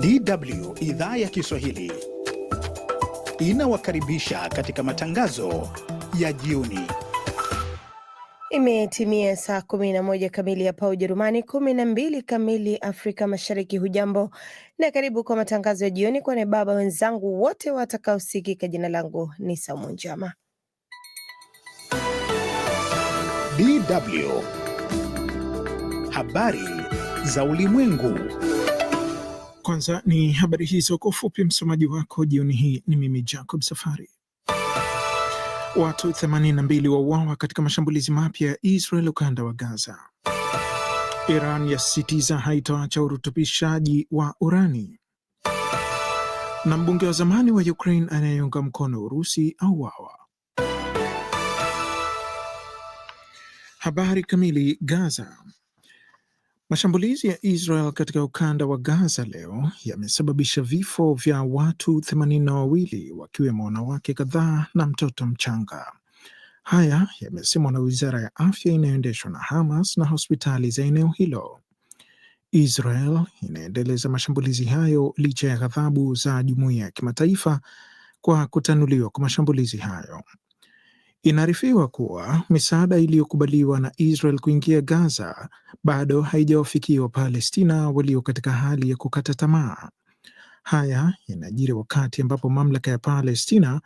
DW idhaa ya Kiswahili inawakaribisha katika matangazo ya jioni. Imetimia saa 11 kamili hapa Ujerumani, 12 kamili Afrika Mashariki. Hujambo na karibu kwa matangazo ya jioni kwa baba wenzangu wote watakaosikika. Jina langu ni Saumu Njama. DW habari za ulimwengu kwanza ni habari hizo kwa ufupi. Msomaji wako jioni hii ni mimi Jacob Safari. Watu 82 wauawa katika mashambulizi mapya ya Israel ukanda wa Gaza. Iran yasisitiza haitoacha urutubishaji wa urani. Na mbunge wa zamani wa Ukraine anayeunga mkono Urusi auawa. Habari kamili. Gaza Mashambulizi ya Israel katika ukanda wa Gaza leo yamesababisha vifo vya watu themanini na wawili wakiwemo wanawake kadhaa na mtoto mchanga. Haya yamesemwa na wizara ya afya inayoendeshwa na Hamas na hospitali za eneo hilo. Israel inaendeleza mashambulizi hayo licha ya ghadhabu za jumuiya ya kimataifa kwa kutanuliwa kwa mashambulizi hayo. Inaarifiwa kuwa misaada iliyokubaliwa na Israel kuingia Gaza bado haijawafikia Wapalestina walio katika hali ya kukata tamaa. Haya yanajiri wakati ambapo mamlaka ya Palestina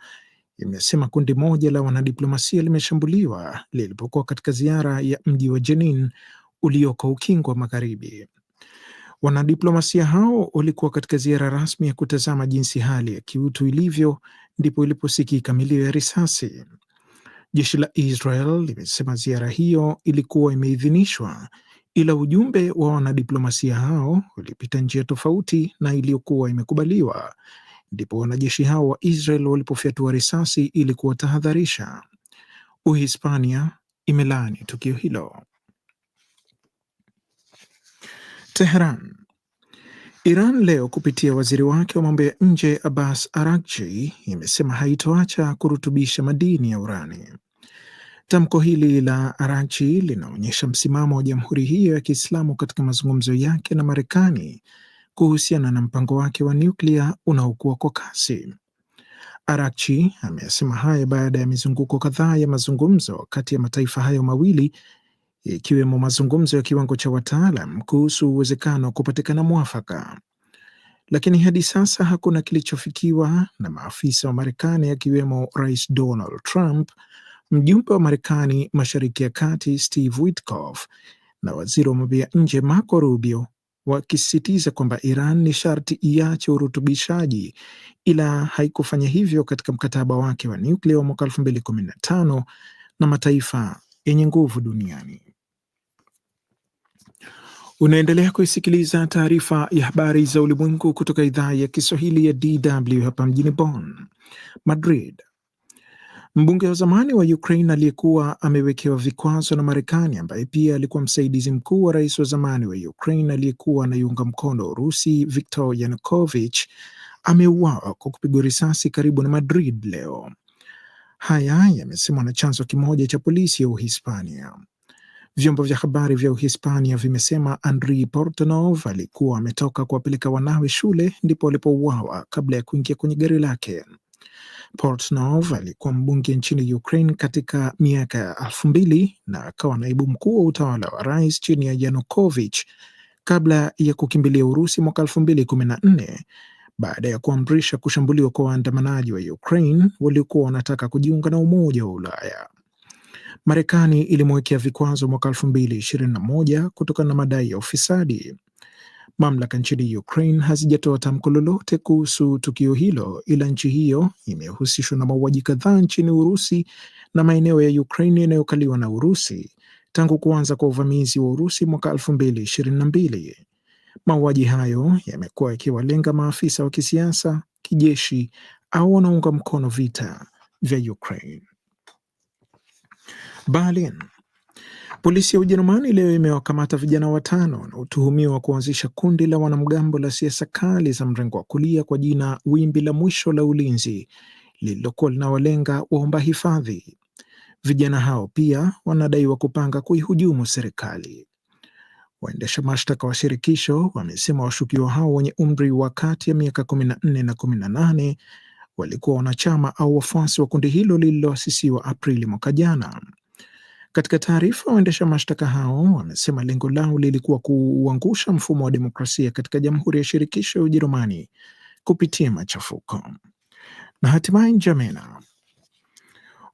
imesema kundi moja la wanadiplomasia limeshambuliwa lilipokuwa katika ziara ya mji wa Jenin ulioko ukingo wa Magharibi. Wanadiplomasia hao walikuwa katika ziara rasmi ya kutazama jinsi hali ya kiutu ilivyo, ndipo iliposikika milio ya risasi. Jeshi la Israel limesema ziara hiyo ilikuwa imeidhinishwa, ila ujumbe wa wanadiplomasia hao ulipita njia tofauti na iliyokuwa imekubaliwa. Ndipo wanajeshi hao wa Israel walipofyatua risasi ili kuwatahadharisha. Uhispania imelaani tukio hilo. teheran Iran leo kupitia waziri wake wa mambo ya nje Abbas Araghchi imesema haitoacha kurutubisha madini ya urani. Tamko hili la Arachi linaonyesha msimamo wa jamhuri hiyo ya Kiislamu katika mazungumzo yake na Marekani kuhusiana na mpango wake wa nyuklia unaokuwa kwa kasi. Arachi ameasema hayo baada ya mizunguko kadhaa ya mazungumzo kati ya mataifa hayo mawili ikiwemo mazungumzo ya kiwango cha wataalam kuhusu uwezekano wa kupatikana mwafaka, lakini hadi sasa hakuna kilichofikiwa na maafisa wa Marekani akiwemo Rais Donald Trump mjumbe wa Marekani mashariki ya kati Steve Witkoff na waziri wa mambo ya nje Marco Rubio wakisisitiza kwamba Iran ni sharti iache urutubishaji, ila haikufanya hivyo katika mkataba wake wa nuklia wa mwaka 2015 na mataifa yenye nguvu duniani. Unaendelea kuisikiliza taarifa ya habari za ulimwengu kutoka idhaa ya Kiswahili ya DW hapa mjini Bonn. Madrid Mbunge wa zamani wa Ukraine aliyekuwa amewekewa vikwazo na Marekani, ambaye pia alikuwa msaidizi mkuu wa rais wa zamani wa Ukraine aliyekuwa anaiunga mkono Urusi, Viktor Yanukovych ameuawa kwa kupigwa risasi karibu na Madrid leo. Haya yamesemwa na chanzo kimoja cha polisi ya Uhispania. Vyombo vya habari vya Uhispania vimesema andri Portonov alikuwa ametoka kuwapeleka wanawe shule ndipo alipouawa kabla ya kuingia kwenye gari lake. Portnov alikuwa mbunge nchini Ukraine katika miaka ya elfu mbili na akawa naibu mkuu wa utawala wa rais chini ya yanukovich kabla ya kukimbilia Urusi mwaka elfu mbili kumi na nne baada ya kuamrisha kushambuliwa kwa waandamanaji wa Ukraine waliokuwa wanataka kujiunga na Umoja wa Ulaya. Marekani ilimwekea vikwazo mwaka elfu mbili ishirini na moja kutokana na madai ya ufisadi. Mamlaka nchini Ukraine hazijatoa tamko lolote kuhusu tukio hilo, ila nchi hiyo imehusishwa na mauaji kadhaa nchini Urusi na maeneo ya Ukraine yanayokaliwa na Urusi tangu kuanza kwa uvamizi wa Urusi mwaka 2022. Mauaji hayo yamekuwa yakiwalenga maafisa wa kisiasa, kijeshi au wanaunga mkono vita vya Ukraine. Berlin Polisi ya Ujerumani leo imewakamata vijana watano wanaotuhumiwa kuanzisha kundi la wanamgambo la siasa kali za mrengo wa kulia kwa jina Wimbi la Mwisho la Ulinzi, lililokuwa linawalenga waomba hifadhi. Vijana hao pia wanadaiwa kupanga kuihujumu serikali. Waendesha mashtaka wa shirikisho wamesema washukiwa hao wenye umri wa kati ya miaka kumi na nne na na kumi nane walikuwa wanachama au wafuasi wa kundi hilo lililoasisiwa Aprili mwaka jana. Katika taarifa, waendesha mashtaka hao wamesema lengo lao lilikuwa kuuangusha mfumo wa demokrasia katika Jamhuri ya Shirikisho ya Ujerumani kupitia machafuko. Na hatimaye Njamena,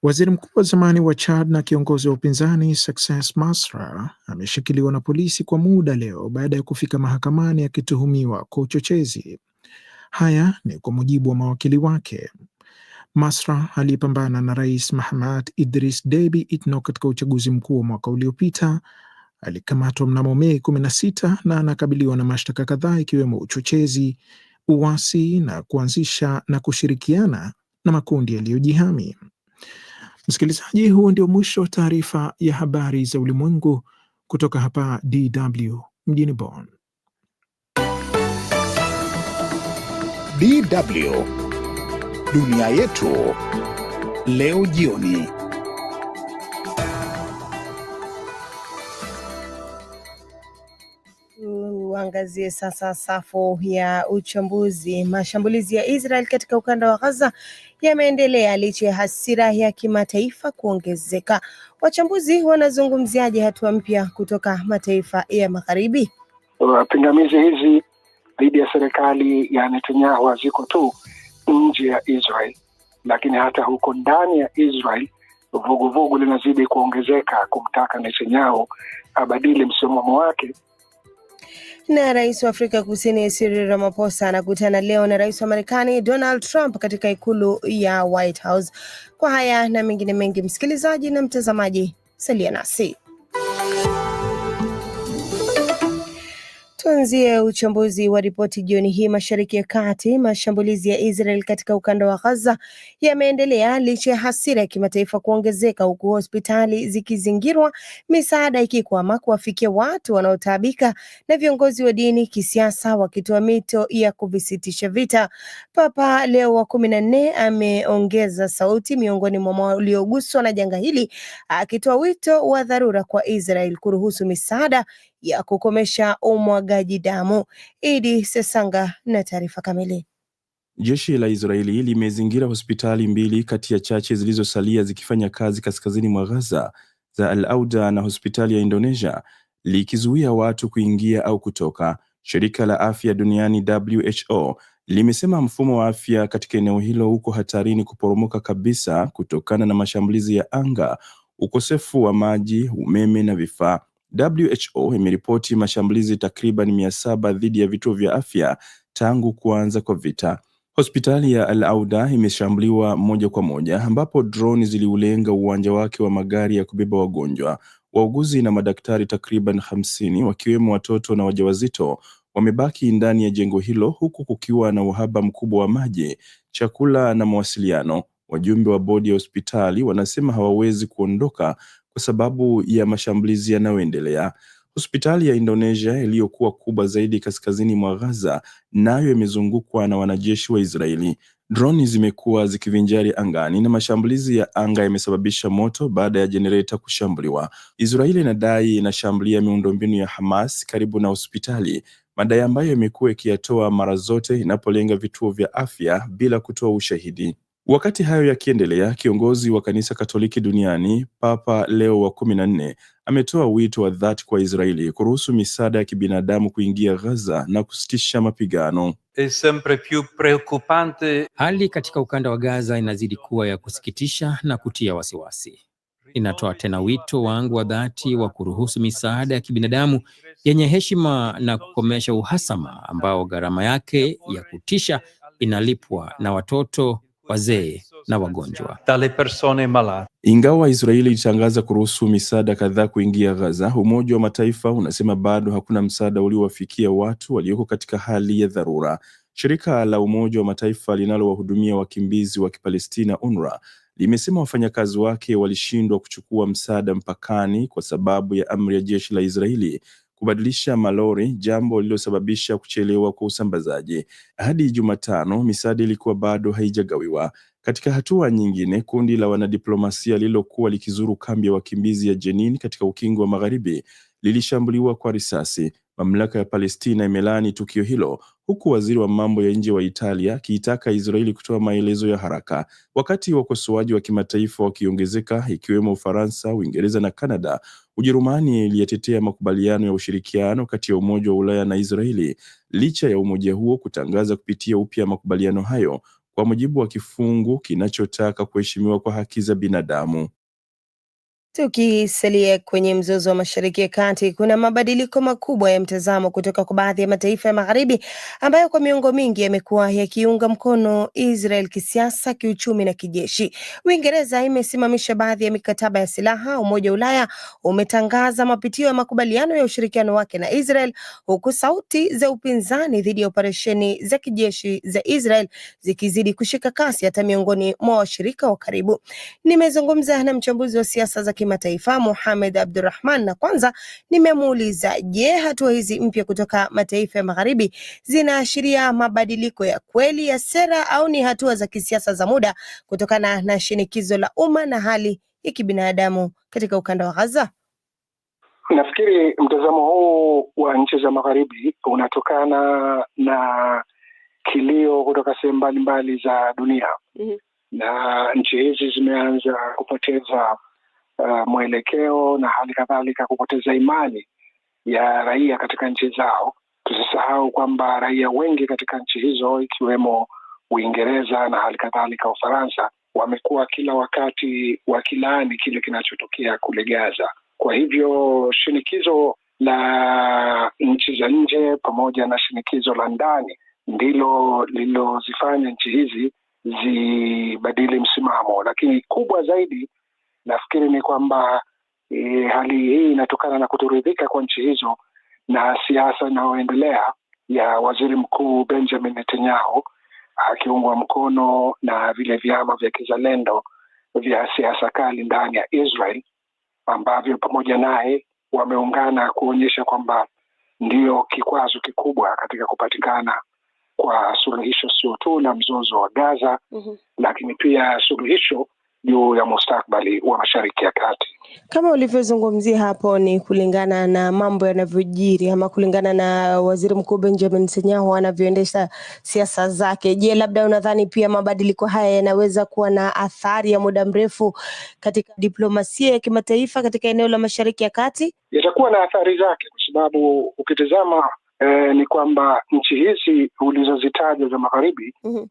waziri mkuu wa zamani wa Chad na kiongozi wa upinzani Success Masra ameshikiliwa na polisi kwa muda leo baada ya kufika mahakamani akituhumiwa kwa uchochezi. Haya ni kwa mujibu wa mawakili wake. Masra aliyepambana na Rais Mahamat Idris Deby Itno katika uchaguzi mkuu wa mwaka uliopita alikamatwa mnamo Mei 16 na anakabiliwa na mashtaka kadhaa ikiwemo uchochezi, uasi na kuanzisha na kushirikiana na makundi yaliyojihami. Msikilizaji, huo ndio mwisho wa taarifa ya habari za ulimwengu kutoka hapa DW mjini Bonn. DW Dunia Yetu Leo Jioni. Tuangazie sasa safu ya uchambuzi. Mashambulizi ya Israel katika ukanda wa ghaza yameendelea licha ya hasira ya kimataifa kuongezeka. Wachambuzi wanazungumziaje hatua mpya kutoka mataifa ya Magharibi? Pingamizi hizi dhidi ya serikali ya Netanyahu haziko tu nje ya Israel, lakini hata huko ndani ya Israel vuguvugu linazidi kuongezeka kumtaka Netanyahu abadili msimamo wake. Na rais wa Afrika Kusini Cyril Ramaphosa anakutana leo na rais wa Marekani Donald Trump katika ikulu ya White House. Kwa haya na mengine mengi, msikilizaji na mtazamaji, salia nasi. Tuanzie uchambuzi wa ripoti jioni hii. Mashariki ya Kati, mashambulizi ya Israel katika ukanda wa Gaza yameendelea licha ya hasira ya kimataifa kuongezeka, huku hospitali zikizingirwa, misaada ikikwama kuwafikia watu wanaotaabika, na viongozi wa dini, kisiasa wakitoa mito ya kuvisitisha vita. Papa Leo wa kumi na nne ameongeza sauti miongoni mwa walioguswa na janga hili, akitoa wito wa dharura kwa Israel kuruhusu misaada ya kukomesha umwagaji damu. Idi Sesanga na taarifa kamili. Jeshi la Israeli limezingira hospitali mbili kati ya chache zilizosalia zikifanya kazi kaskazini mwa Gaza za Al Auda na hospitali ya Indonesia likizuia watu kuingia au kutoka. Shirika la afya duniani WHO limesema mfumo wa afya katika eneo hilo uko hatarini kuporomoka kabisa kutokana na mashambulizi ya anga, ukosefu wa maji, umeme na vifaa. WHO imeripoti mashambulizi takriban mia saba dhidi ya vituo vya afya tangu kuanza kwa vita. Hospitali ya Al Auda imeshambuliwa moja kwa moja, ambapo droni ziliulenga uwanja wake wa magari ya kubeba wagonjwa. Wauguzi na madaktari takriban hamsini wakiwemo watoto na wajawazito wamebaki ndani ya jengo hilo, huku kukiwa na uhaba mkubwa wa maji, chakula na mawasiliano. Wajumbe wa bodi ya hospitali wanasema hawawezi kuondoka kwa sababu ya mashambulizi yanayoendelea. Hospitali ya Indonesia iliyokuwa kubwa zaidi kaskazini mwa Gaza nayo imezungukwa na wanajeshi wa Israeli. Droni zimekuwa zikivinjari angani na mashambulizi ya anga yamesababisha moto baada ya jenereta kushambuliwa. Israeli inadai inashambulia miundombinu ya Hamas karibu na hospitali, madai ambayo imekuwa ikiyatoa mara zote inapolenga vituo vya afya bila kutoa ushahidi. Wakati hayo yakiendelea, kiongozi wa kanisa Katoliki duniani Papa Leo wa kumi na nne ametoa wito wa dhati kwa Israeli kuruhusu misaada ya kibinadamu kuingia Gaza na kusitisha mapigano. Hali katika ukanda wa Gaza inazidi kuwa ya kusikitisha na kutia wasiwasi. Inatoa tena wito wangu wa dhati wa kuruhusu misaada ya kibinadamu yenye heshima na kukomesha uhasama ambao gharama yake ya kutisha inalipwa na watoto wazee na wagonjwa. Ingawa Israeli ilitangaza kuruhusu misaada kadhaa kuingia Gaza, Umoja wa Mataifa unasema bado hakuna msaada uliowafikia watu walioko katika hali ya dharura. Shirika la Umoja wa Mataifa linalowahudumia wakimbizi wa Kipalestina, UNRWA, limesema wafanyakazi wake walishindwa kuchukua msaada mpakani kwa sababu ya amri ya jeshi la Israeli kubadilisha malori, jambo lililosababisha kuchelewa kwa usambazaji. Hadi Jumatano, misaada ilikuwa bado haijagawiwa. Katika hatua nyingine, kundi la wanadiplomasia lililokuwa likizuru kambi ya wakimbizi ya Jenin katika ukingo wa Magharibi lilishambuliwa kwa risasi. Mamlaka ya Palestina imelaani tukio hilo huku waziri wa mambo ya nje wa Italia akiitaka Israeli kutoa maelezo ya haraka, wakati wakosoaji wa kimataifa wakiongezeka ikiwemo Ufaransa, Uingereza na Kanada. Ujerumani iliyetetea makubaliano ya ushirikiano kati ya Umoja wa Ulaya na Israeli licha ya umoja huo kutangaza kupitia upya makubaliano hayo kwa mujibu wa kifungu kinachotaka kuheshimiwa kwa haki za binadamu. Tukisalia kwenye mzozo wa Mashariki ya Kati, kuna mabadiliko makubwa ya mtazamo kutoka kwa baadhi ya mataifa ya Magharibi ambayo kwa miongo mingi yamekuwa yakiunga mkono Israel kisiasa, kiuchumi na kijeshi. Uingereza imesimamisha baadhi ya mikataba ya silaha. Umoja wa Ulaya umetangaza mapitio ya makubaliano ya ushirikiano wake na Israel, huku sauti za upinzani dhidi ya operesheni za kijeshi za Israel zikizidi kushika kasi hata miongoni mwa washirika wa karibu. Nimezungumza na mchambuzi wa siasa za kimataifa Mohamed Abdurrahman, na kwanza nimemuuliza je, hatua hizi mpya kutoka mataifa ya magharibi zinaashiria mabadiliko ya kweli ya sera au ni hatua za kisiasa za muda kutokana na shinikizo la umma na hali ya kibinadamu katika ukanda wa Gaza? Nafikiri mtazamo huu wa nchi za magharibi unatokana na kilio kutoka sehemu mbalimbali za dunia. mm -hmm. Na nchi hizi zimeanza kupoteza uh, mwelekeo na hali kadhalika kupoteza imani ya raia katika nchi zao. Tusisahau kwamba raia wengi katika nchi hizo ikiwemo Uingereza na hali kadhalika Ufaransa wamekuwa kila wakati wakilaani kile kinachotokea kule Gaza. Kwa hivyo shinikizo la nchi za nje pamoja na shinikizo la ndani ndilo lililozifanya nchi hizi zibadili msimamo, lakini kubwa zaidi Nafikiri ni kwamba e, hali hii inatokana na kutoridhika kwa nchi hizo na siasa inayoendelea ya waziri mkuu Benjamin Netanyahu akiungwa mkono na vile vyama vya kizalendo vya siasa kali ndani ya Israel ambavyo pamoja naye wameungana kuonyesha kwamba ndiyo kikwazo kikubwa katika kupatikana kwa suluhisho sio tu la mzozo wa Gaza mm -hmm. Lakini pia suluhisho juu ya mustakbali wa Mashariki ya Kati. Kama ulivyozungumzia hapo, ni kulingana na mambo yanavyojiri ama kulingana na waziri mkuu Benjamin Senyahu anavyoendesha siasa zake. Je, labda unadhani pia mabadiliko haya yanaweza kuwa na athari ya muda mrefu katika diplomasia ya kimataifa katika eneo la Mashariki ya Kati? Yatakuwa na athari zake kwa sababu ukitizama Eh, ni kwamba nchi hizi ulizozitaja za magharibi mm -hmm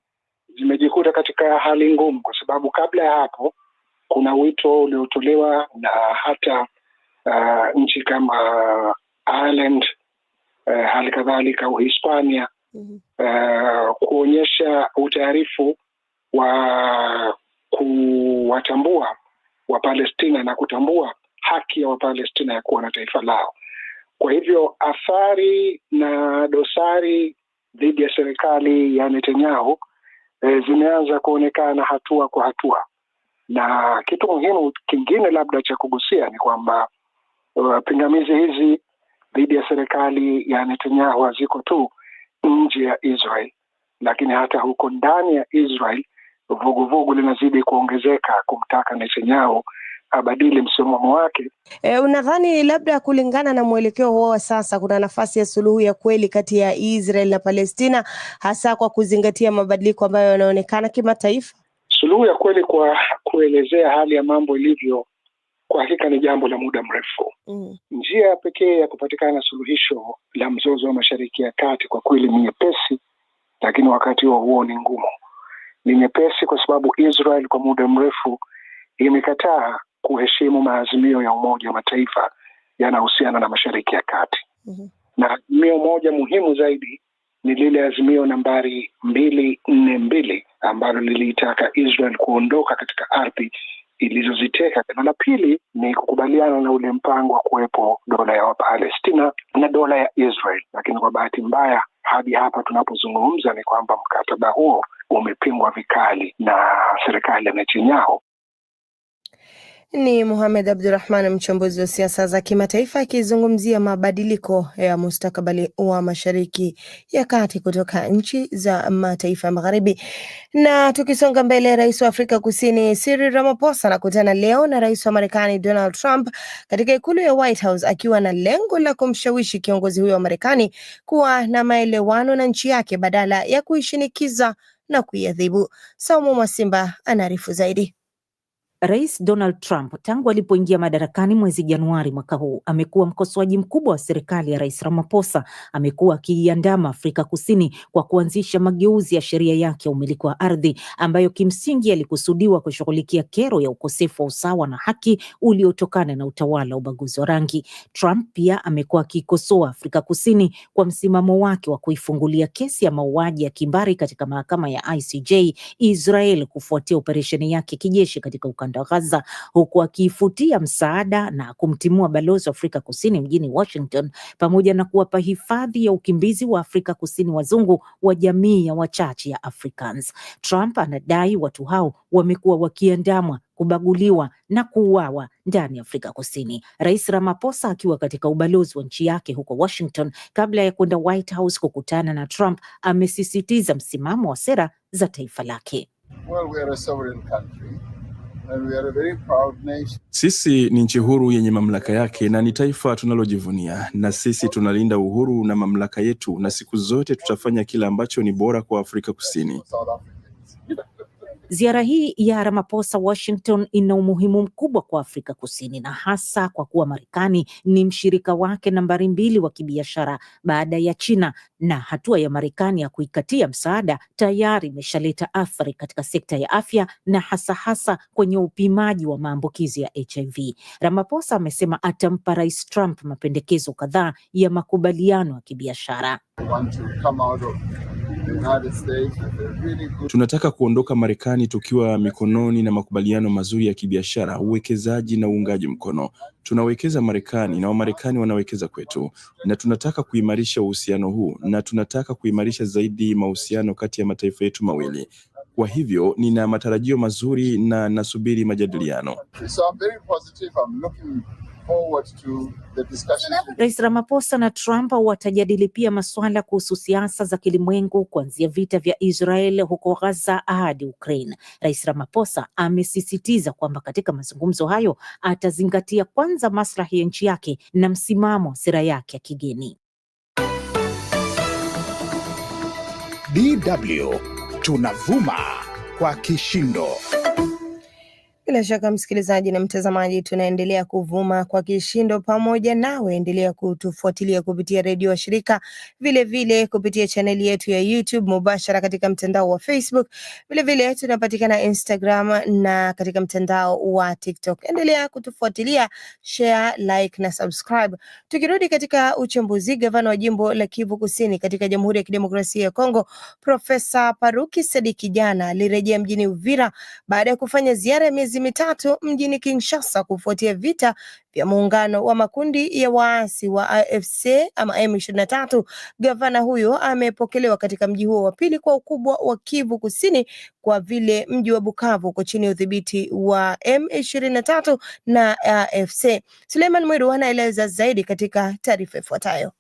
zimejikuta katika hali ngumu, kwa sababu kabla ya hapo kuna wito uliotolewa na hata uh, nchi kama Ireland uh, hali kadhalika Uhispania mm -hmm. uh, kuonyesha utaarifu wa kuwatambua Wapalestina na kutambua haki ya Wapalestina ya kuwa na taifa lao. Kwa hivyo athari na dosari dhidi ya serikali ya Netanyahu e, zimeanza kuonekana hatua kwa hatua, na kitu muhimu kingine labda cha kugusia ni kwamba uh, pingamizi hizi dhidi ya serikali ya Netanyahu haziko tu nje ya Israel, lakini hata huko ndani ya Israel vuguvugu linazidi kuongezeka kumtaka Netanyahu abadili msimamo wake. E, unadhani labda kulingana na mwelekeo huo wa sasa kuna nafasi ya suluhu ya kweli kati ya Israel na Palestina hasa kwa kuzingatia mabadiliko ambayo yanaonekana kimataifa? Suluhu ya kweli kwa kuelezea hali ya mambo ilivyo kwa hakika ni jambo la muda mrefu. Mm. Njia ya pekee ya kupatikana suluhisho la mzozo wa Mashariki ya Kati kwa kweli ni nyepesi, lakini wakati huo huo ni ngumu. Ni nyepesi kwa sababu Israel kwa muda mrefu imekataa kuheshimu maazimio ya Umoja wa Mataifa yanahusiana na Mashariki ya Kati. mm -hmm. Na azimio moja muhimu zaidi ni lile azimio nambari mbili nne mbili ambalo liliitaka Israel kuondoka katika ardhi ilizoziteka. Na la pili ni kukubaliana na ule mpango wa kuwepo dola ya Wapalestina na dola ya Israel, lakini kwa bahati mbaya hadi hapa tunapozungumza ni kwamba mkataba huo umepingwa vikali na serikali ya Netanyahu ni muhamed Abdurahman, mchambuzi wa siasa za kimataifa, akizungumzia mabadiliko ya mustakabali wa Mashariki ya Kati kutoka nchi za mataifa ya Magharibi. Na tukisonga mbele, rais wa Afrika Kusini Cyril Ramaphosa anakutana leo na rais wa Marekani Donald Trump katika ikulu ya White House akiwa na lengo la kumshawishi kiongozi huyo wa Marekani kuwa na maelewano na nchi yake badala ya kuishinikiza na kuiadhibu. Saumu Mwasimba anaarifu zaidi. Rais Donald Trump tangu alipoingia madarakani mwezi Januari mwaka huu amekuwa mkosoaji mkubwa wa serikali ya Rais Ramaphosa. Amekuwa akiiandama Afrika Kusini kwa kuanzisha mageuzi ya sheria yake ya umiliki wa ardhi ambayo kimsingi alikusudiwa kushughulikia kero ya ukosefu wa usawa na haki uliotokana na utawala wa ubaguzi wa rangi. Trump pia amekuwa akiikosoa Afrika Kusini kwa msimamo wake wa kuifungulia kesi ya mauaji ya kimbari katika mahakama ya ICJ Israel kufuatia operesheni yake kijeshi katika ukanda ukanda wa Gaza, huku akiifutia msaada na kumtimua balozi wa Afrika Kusini mjini Washington, pamoja na kuwapa hifadhi ya ukimbizi wa Afrika Kusini wazungu wa jamii ya wachache ya Africans. Trump anadai watu hao wamekuwa wakiandamwa kubaguliwa na kuuawa ndani ya Afrika Kusini. Rais Ramaphosa akiwa katika ubalozi wa nchi yake huko Washington kabla ya kwenda White House kukutana na Trump amesisitiza msimamo wa sera za taifa lake. Well, we are a sovereign country. Sisi ni nchi huru yenye mamlaka yake na ni taifa tunalojivunia, na sisi tunalinda uhuru na mamlaka yetu, na siku zote tutafanya kile ambacho ni bora kwa Afrika Kusini. Ziara hii ya Ramaphosa Washington ina umuhimu mkubwa kwa Afrika Kusini na hasa kwa kuwa Marekani ni mshirika wake nambari mbili wa kibiashara baada ya China, na hatua ya Marekani ya kuikatia msaada tayari imeshaleta athari katika sekta ya afya na hasa hasa kwenye upimaji wa maambukizi ya HIV. Ramaphosa amesema atampa Rais Trump mapendekezo kadhaa ya makubaliano ya kibiashara. Tunataka kuondoka Marekani tukiwa mikononi na makubaliano mazuri ya kibiashara, uwekezaji na uungaji mkono. Tunawekeza Marekani na Wamarekani wanawekeza kwetu, na tunataka kuimarisha uhusiano huu na tunataka kuimarisha zaidi mahusiano kati ya mataifa yetu mawili. Kwa hivyo nina matarajio mazuri na nasubiri majadiliano. So I'm very positive. I'm looking Rais Ramaphosa na Trump watajadili pia masuala kuhusu siasa za kilimwengu kuanzia vita vya Israel huko Gaza hadi Ukraine. Rais Ramaphosa amesisitiza kwamba katika mazungumzo hayo atazingatia kwanza maslahi ya nchi yake na msimamo wa sera yake ya kigeni. DW tunavuma kwa kishindo. Bila shaka msikilizaji na mtazamaji, tunaendelea kuvuma kwa kishindo pamoja nawe. Endelea kutufuatilia kupitia redio wa shirika, vilevile kupitia chaneli yetu ya YouTube mubashara katika mtandao wa Facebook, vilevile tunapatikana Instagram na katika mtandao wa TikTok. Endelea kutufuatilia, share, like na subscribe. Tukirudi katika uchambuzi, gavana wa jimbo la Kivu Kusini katika Jamhuri ya Kidemokrasia ya Kongo Profesa Paruki Sadiki jana alirejea mjini Uvira baada ya kufanya ziara ya miezi miezi mitatu mjini Kinshasa kufuatia vita vya muungano wa makundi ya waasi wa AFC ama M23. Gavana huyo amepokelewa katika mji huo wa pili kwa ukubwa wa Kivu Kusini, kwa vile mji wa Bukavu uko chini ya udhibiti wa M23 na AFC. Suleiman Mwiru anaeleza zaidi katika taarifa ifuatayo.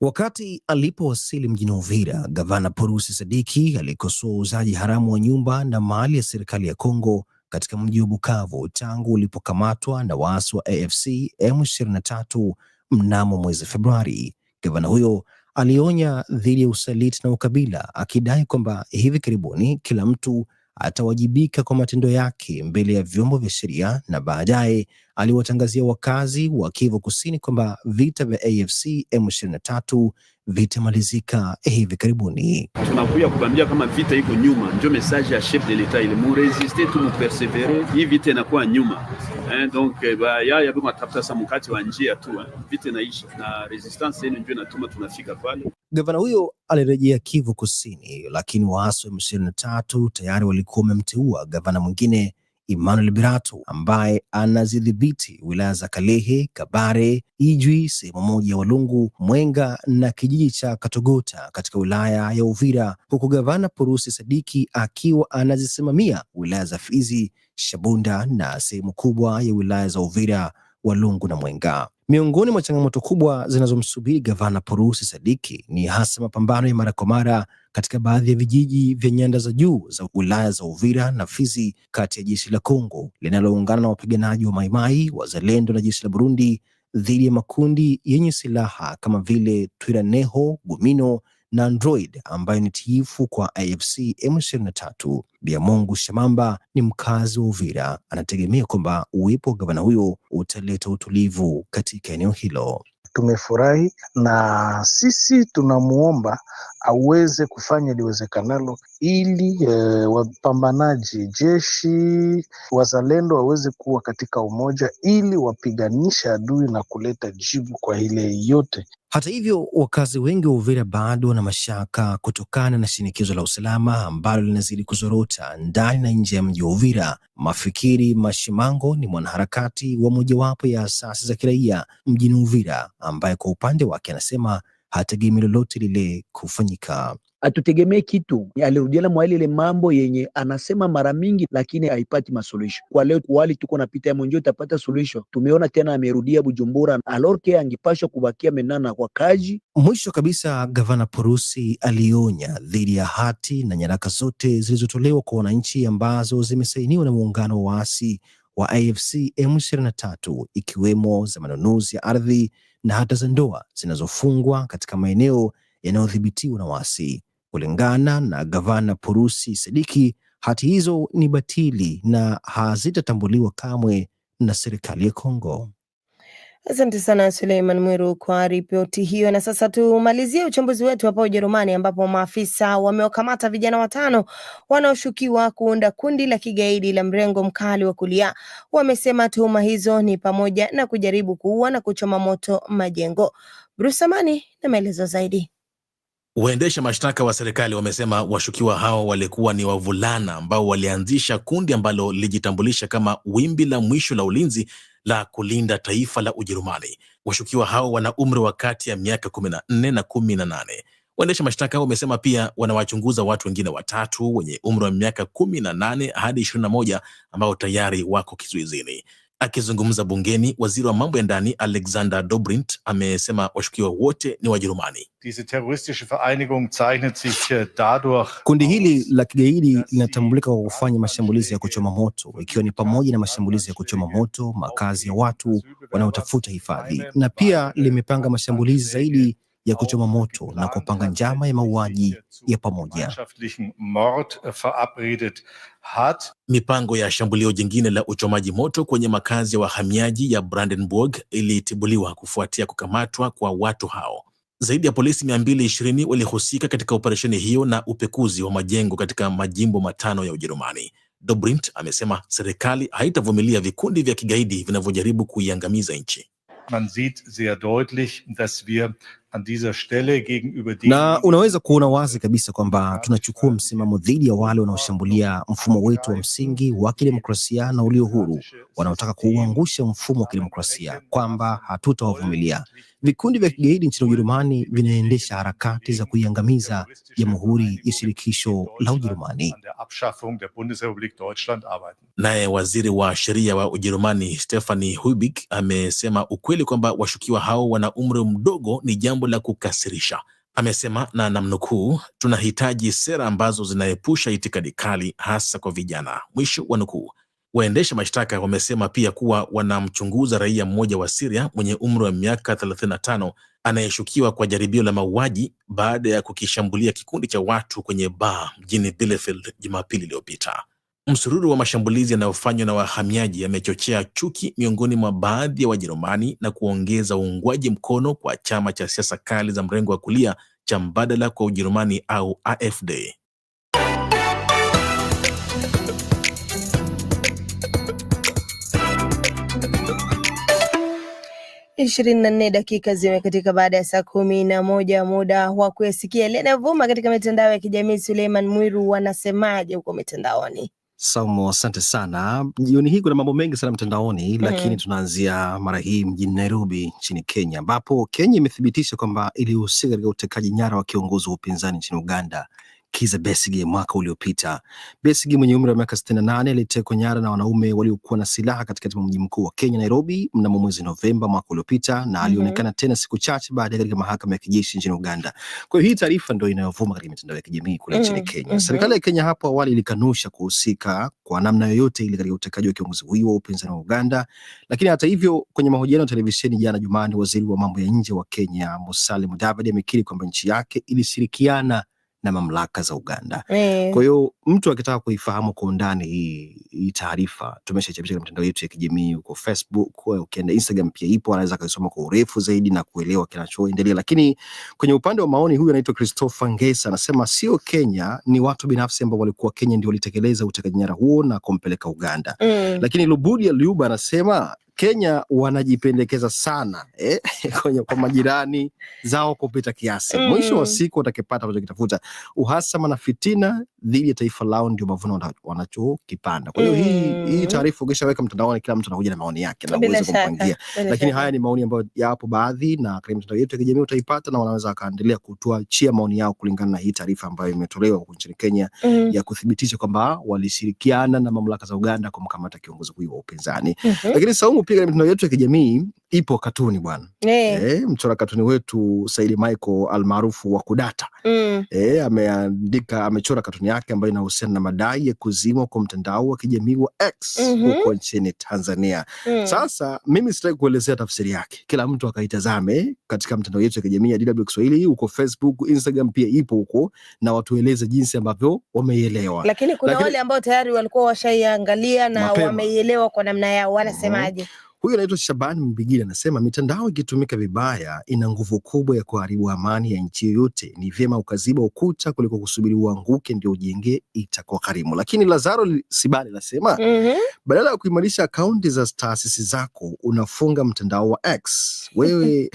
Wakati alipowasili mjini Uvira, gavana Porusi Sadiki alikosoa uuzaji haramu wa nyumba na mali ya serikali ya Kongo katika mji wa Bukavu tangu ulipokamatwa na waasi wa AFC M23 mnamo mwezi Februari. Gavana huyo alionya dhidi ya usaliti na ukabila, akidai kwamba hivi karibuni kila mtu atawajibika kwa matendo yake mbele ya vyombo vya sheria na baadaye aliwatangazia wakazi wa Kivu Kusini kwamba vita vya AFC M23 vitamalizika hivi karibuni. Tunakuya kukwambia kama vita iko nyuma, ndio message ya chef de l'etat ile muresiste tu mupersevere, hii vita inakuwa nyuma eh, donc eh, ba ya ya bima tafuta sa mkati wa njia tu eh, vita inaisha na resistance yenu ndio inatuma tunafika pale. Gavana huyo alirejea Kivu Kusini, lakini waasi wa M23 tayari walikuwa wamemteua gavana mwingine Emmanuel Biratu ambaye anazidhibiti wilaya za Kalehe, Kabare, Ijwi, sehemu moja ya Walungu, Mwenga na kijiji cha Katogota katika wilaya ya Uvira, huku gavana Purusi Sadiki akiwa anazisimamia wilaya za Fizi, Shabunda na sehemu kubwa ya wilaya za Uvira, Walungu na Mwenga. Miongoni mwa changamoto kubwa zinazomsubiri gavana Purusi Sadiki ni hasa mapambano ya mara kwa mara katika baadhi ya vijiji vya nyanda za juu za wilaya za Uvira na Fizi kati ya jeshi la Kongo linaloungana na wapiganaji wa Maimai, Wazalendo na jeshi la Burundi dhidi ya makundi yenye silaha kama vile Twiraneho, gumino na Android ambayo ni tiifu kwa AFC M23. Biamungu Shamamba ni mkazi wa Uvira, anategemea kwamba uwepo wa gavana huyo utaleta utulivu katika eneo hilo. Tumefurahi na sisi tunamuomba aweze kufanya liwezekanalo ili e, wapambanaji jeshi wazalendo waweze kuwa katika umoja ili wapiganishe adui na kuleta jibu kwa ile yote. Hata hivyo, wakazi wengi wa Uvira bado wana mashaka kutokana na shinikizo la usalama ambalo linazidi kuzorota ndani na nje ya mji wa Uvira. Mafikiri Mashimango ni mwanaharakati wa mojawapo ya asasi za kiraia mjini Uvira ambaye kwa upande wake anasema hategemei lolote lile kufanyika. Hatutegemee kitu. Alirudiana mwaili ile mambo yenye anasema mara mingi, lakini haipati masuluhisho. Kwa leo wali tuko napita ya mwenjio, itapata suluhisho, tumeona tena amerudia Bujumbura alorke angepashwa kubakia menana kwa kaji. Mwisho kabisa, gavana Porusi alionya dhidi ya hati na nyaraka zote zilizotolewa kwa wananchi ambazo zimesainiwa na muungano wa waasi wa AFC M23 ikiwemo za manunuzi ya ardhi na hata za ndoa zinazofungwa katika maeneo yanayodhibitiwa na waasi. Kulingana na gavana Purusi Sidiki, hati hizo ni batili na hazitatambuliwa kamwe na serikali ya Kongo. Asante sana Suleiman Mwiru kwa ripoti hiyo. Na sasa tumalizie uchambuzi wetu hapa Ujerumani, ambapo maafisa wamewakamata vijana watano wanaoshukiwa kuunda kundi la kigaidi la mrengo mkali wa kulia. Wamesema tuhuma hizo ni pamoja na kujaribu kuua na kuchoma moto majengo. Brusamani na maelezo zaidi. Waendesha mashtaka wa serikali wamesema washukiwa hao walikuwa ni wavulana ambao walianzisha kundi ambalo lilijitambulisha kama Wimbi la Mwisho la Ulinzi la Kulinda Taifa la Ujerumani. Washukiwa hao wana umri wa kati ya miaka 14 na 18. Waendesha mashtaka hao wamesema pia wanawachunguza watu wengine watatu wenye umri wa miaka 18 hadi 21 ambao tayari wako kizuizini. Akizungumza bungeni, waziri wa mambo ya ndani Alexander Dobrindt amesema washukiwa wote ni Wajerumani. Äh, Kundi hili la kigaidi linatambulika kwa kufanya mashambulizi ya kuchoma moto, ikiwa ni pamoja na mashambulizi ya kuchoma moto makazi ya watu wanaotafuta hifadhi, na pia limepanga mashambulizi zaidi ya kuchoma moto na kupanga njama ya mauaji ya pamoja. Äh, Mipango ya shambulio jingine la uchomaji moto kwenye makazi ya wa wahamiaji ya Brandenburg ilitibuliwa kufuatia kukamatwa kwa watu hao. Zaidi ya polisi 220 walihusika katika operesheni hiyo na upekuzi wa majengo katika majimbo matano ya Ujerumani. Dobrindt amesema serikali haitavumilia vikundi vya kigaidi vinavyojaribu kuiangamiza nchi. Man sieht sehr deutlich, dass wir an dieser Stelle gegenüber Na unaweza kuona wazi kabisa kwamba tunachukua msimamo dhidi ya wale wanaoshambulia mfumo wetu wa msingi wa kidemokrasia na ulio huru, wanaotaka kuuangusha mfumo wa kidemokrasia, kwamba hatutawavumilia. Vikundi vya kigaidi nchini Ujerumani vinaendesha harakati za kuiangamiza jamhuri ya shirikisho la Ujerumani. Naye waziri wa sheria wa Ujerumani Stephanie Hubik amesema ukweli kwamba washukiwa hao wana umri mdogo ni jambo la kukasirisha. Amesema na namnukuu, tunahitaji sera ambazo zinaepusha itikadi kali hasa kwa vijana, mwisho wa nukuu. Waendesha mashtaka wamesema pia kuwa wanamchunguza raia mmoja wa siria mwenye umri wa miaka 35 anayeshukiwa kwa jaribio la mauaji baada ya kukishambulia kikundi cha watu kwenye ba mjini Bielefeld Jumapili iliyopita. Msururu wa mashambulizi yanayofanywa na wahamiaji yamechochea chuki miongoni mwa baadhi ya Wajerumani na kuongeza uungwaji mkono kwa chama cha siasa kali za mrengo wa kulia cha Mbadala kwa Ujerumani au AfD. ishirini na nne dakika zimekatika baada ya saa kumi na moja muda wa kuyasikia yanayovuma katika mitandao ya kijamii. Suleiman Mwiru, wanasemaje huko mitandaoni? Somo, asante sana. Jioni hii kuna mambo mengi sana mtandaoni, mhm. lakini mm -hmm. tunaanzia mara hii mjini Nairobi nchini Kenya, ambapo Kenya imethibitisha kwamba ilihusika katika utekaji nyara wa kiongozi wa upinzani nchini Uganda Kizza Besigye mwaka uliopita. Besigye mwenye umri wa miaka 68 alitekwa nyara na wanaume waliokuwa na silaha katikati mwa mji mkuu wa Kenya, Nairobi, mnamo mwezi Novemba mwaka uliopita na mhm. alionekana mm -hmm. tena siku chache baadaye katika mahakama ya kijeshi nchini Uganda. Kwa hiyo hii taarifa ndio inayovuma katika mitandao ya kijamii kule nchini mm -hmm. Kenya. Mhm. Serikali ya Kenya hapo awali ilikanusha kuhusika kwa namna yoyote ile katika utekaji wa kiongozi huyo wa upinzani wa Uganda, lakini hata hivyo, kwenye mahojiano ya televisheni jana Jumanne, waziri wa mambo ya nje wa Kenya Musalia Mudavadi amekiri kwamba nchi yake ilishirikiana na mamlaka za Uganda. Eh. Kwa hiyo mtu akitaka kuifahamu kwa undani hii hii taarifa tumeshachapisha kwenye mitandao yetu ya kijamii huko Facebook, ukienda Instagram pia ipo, anaweza akaisoma kwa urefu zaidi na kuelewa kinachoendelea. Lakini kwenye upande wa maoni, huyu anaitwa Christopher Ngesa anasema sio Kenya, ni watu binafsi ambao walikuwa Kenya ndio walitekeleza utekaji nyara huo na kumpeleka Uganda. Mm. Lakini Lubudia Liuba anasema Kenya wanajipendekeza sana eh, kwa majirani zao kupita kiasi. Mm. Mwisho wa siku watakipata wanachokitafuta. Uhasama na fitina dhidi ya taifa lao ndio mavuno wanachokipanda. Kwa hiyo mm. hii hii taarifa ukishaweka mtandaoni, kila mtu anakuja na maoni yake na uweze kumpangia. Lakini haya ni maoni ambayo yapo baadhi, na kwenye mitandao yetu ya kijamii utaipata, na wanaweza wakaendelea kutuachia maoni yao kulingana na hii taarifa ambayo imetolewa huko nchini Kenya mm. ya kuthibitisha kwamba walishirikiana na mamlaka za Uganda kumkamata kiongozi huyu wa upinzani. Mm -hmm. Lakini Saumu huku pia mitandao yetu ya kijamii ipo katuni bwana yeah. E, eh, mchora katuni wetu Saidi Michael almaarufu wa Kudata mm. E, ameandika amechora katuni yake ambayo inahusiana na madai ya kuzimwa kwa mtandao wa kijamii wa X mm huko -hmm. nchini Tanzania mm. Sasa mimi sitaki kuelezea tafsiri yake, kila mtu akaitazame katika mtandao yetu ya kijamii ya DW Kiswahili huko Facebook, Instagram pia ipo huko, na watueleze jinsi ambavyo wameielewa, lakini kuna lakini... wale ambao tayari walikuwa washaiangalia na wameielewa kwa namna yao wanasemaje? mm Huyu anaitwa Shabani Mbigili anasema mitandao ikitumika vibaya ina nguvu kubwa ya kuharibu amani ya nchi yoyote. Ni vyema ukaziba ukuta kuliko kusubiri uanguke ndio ujenge, itakuwa karimu. Lakini Lazaro Sibali anasema mm -hmm. badala ya kuimarisha akaunti za taasisi zako unafunga mtandao wa X. Wewe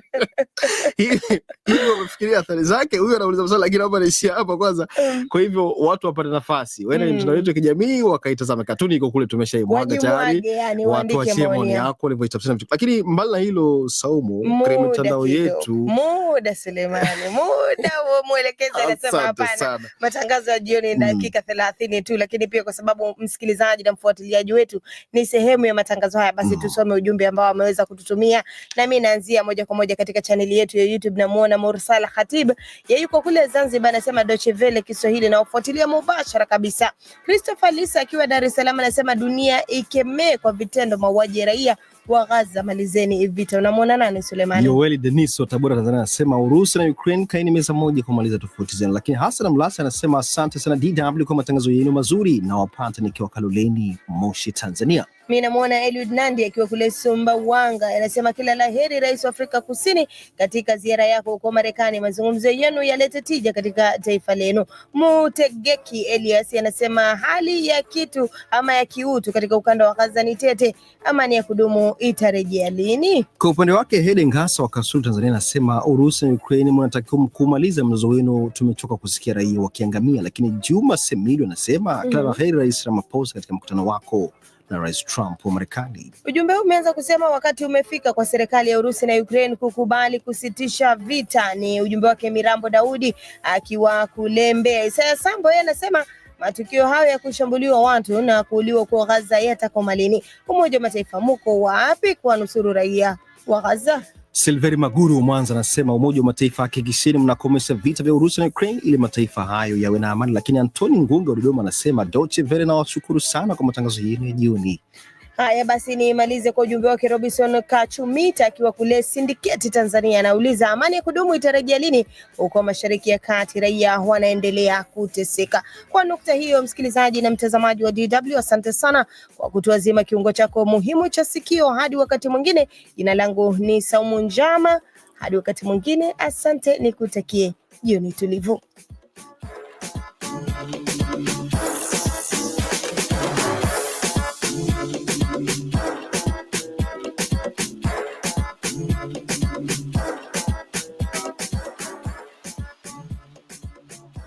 hivyo umefikiria athari zake? Huyu anauliza maswali, lakini naomba naishia hapa kwanza. Mm. Kwa hivyo watu wapate nafasi waende mm. mtandao wetu wa kijamii wakaitazame, katuni iko kule tumeshaimwaga tayari tuachie maoni yako ulivyoitafsiri, lakini mbali na hilo Saumu, kwenye mitandao yetu muda Selemani, muda mwelekezi anasema hapana, matangazo ya jioni ni mm. dakika thelathini tu, lakini pia kwa sababu msikilizaji na mfuatiliaji wetu ni sehemu ya matangazo haya, basi mm. tusome ujumbe ambao ameweza kututumia, na mi naanzia moja kwa moja katika chaneli yetu ya YouTube. Namwona Mursala Khatib ya yuko kule Zanzibar, anasema Deutsche Welle Kiswahili naofuatilia mubashara kabisa. Christopher Lisa akiwa Dar es Salaam anasema dunia ikemee kwa vitendo ndo mauaji ya raia wa Gaza, malizeni vita. Unamwona nani Sulemani? Yoeli Denis wa Tabora, Tanzania anasema Urusi na Ukraine kaini meza moja kumaliza tofauti zenu. Lakini Hasan Mlasi anasema asante sana DW kwa matangazo yenu mazuri, na wapata nikiwa Kaloleni, Moshi, Tanzania mi namwona Eliud Nandi akiwa kule Sumbawanga, anasema kila la heri rais wa Afrika Kusini katika ziara yako huko Marekani, mazungumzo yenu yalete tija katika taifa lenu. Mutegeki Elias anasema hali ya kitu ama ya kiutu katika ukanda wa Gaza ni tete, amani ya kudumu itarejea lini? Kwa upande wake Hede Ngasa wa Kasulu, Tanzania, anasema Urusi na Ukraini mnatakiwa kumaliza mzozo wenu, tumechoka kusikia raia wakiangamia. Lakini Juma Semido anasema kila la mhm. heri rais Ramaphosa katika mkutano wako na Rais Trump wa Marekani. Ujumbe huu umeanza kusema wakati umefika kwa serikali ya Urusi na Ukraine kukubali kusitisha vita. Ni ujumbe wake Mirambo Daudi akiwa kule Isaya Sambo yeye anasema matukio hayo ya kushambuliwa watu na kuuliwa kwa Gaza yatakoma lini? Umoja wa Mataifa muko wapi kuwanusuru raia wa Gaza? Silveri Maguru Mwanza anasema Umoja wa Mataifa hakikisheni mnakomesha vita vya Urusi na Ukraine ili mataifa hayo yawe na amani. Lakini Antoni Ngunga wa Dodoma anasema Deutsche Welle, nawashukuru sana kwa matangazo yenu ya jioni. Haya basi, nimalize kwa ujumbe wake Robinson Kachumita akiwa kule Sindiketi, Tanzania. Anauliza, amani ya kudumu itarejea lini huko Mashariki ya Kati? Raia wanaendelea kuteseka. Kwa nukta hiyo, msikilizaji na mtazamaji wa DW, asante sana kwa kutuazima kiungo chako muhimu cha sikio. Hadi wakati mwingine, jina langu ni Saumu Njama. Hadi wakati mwingine, asante, nikutakie jioni tulivu.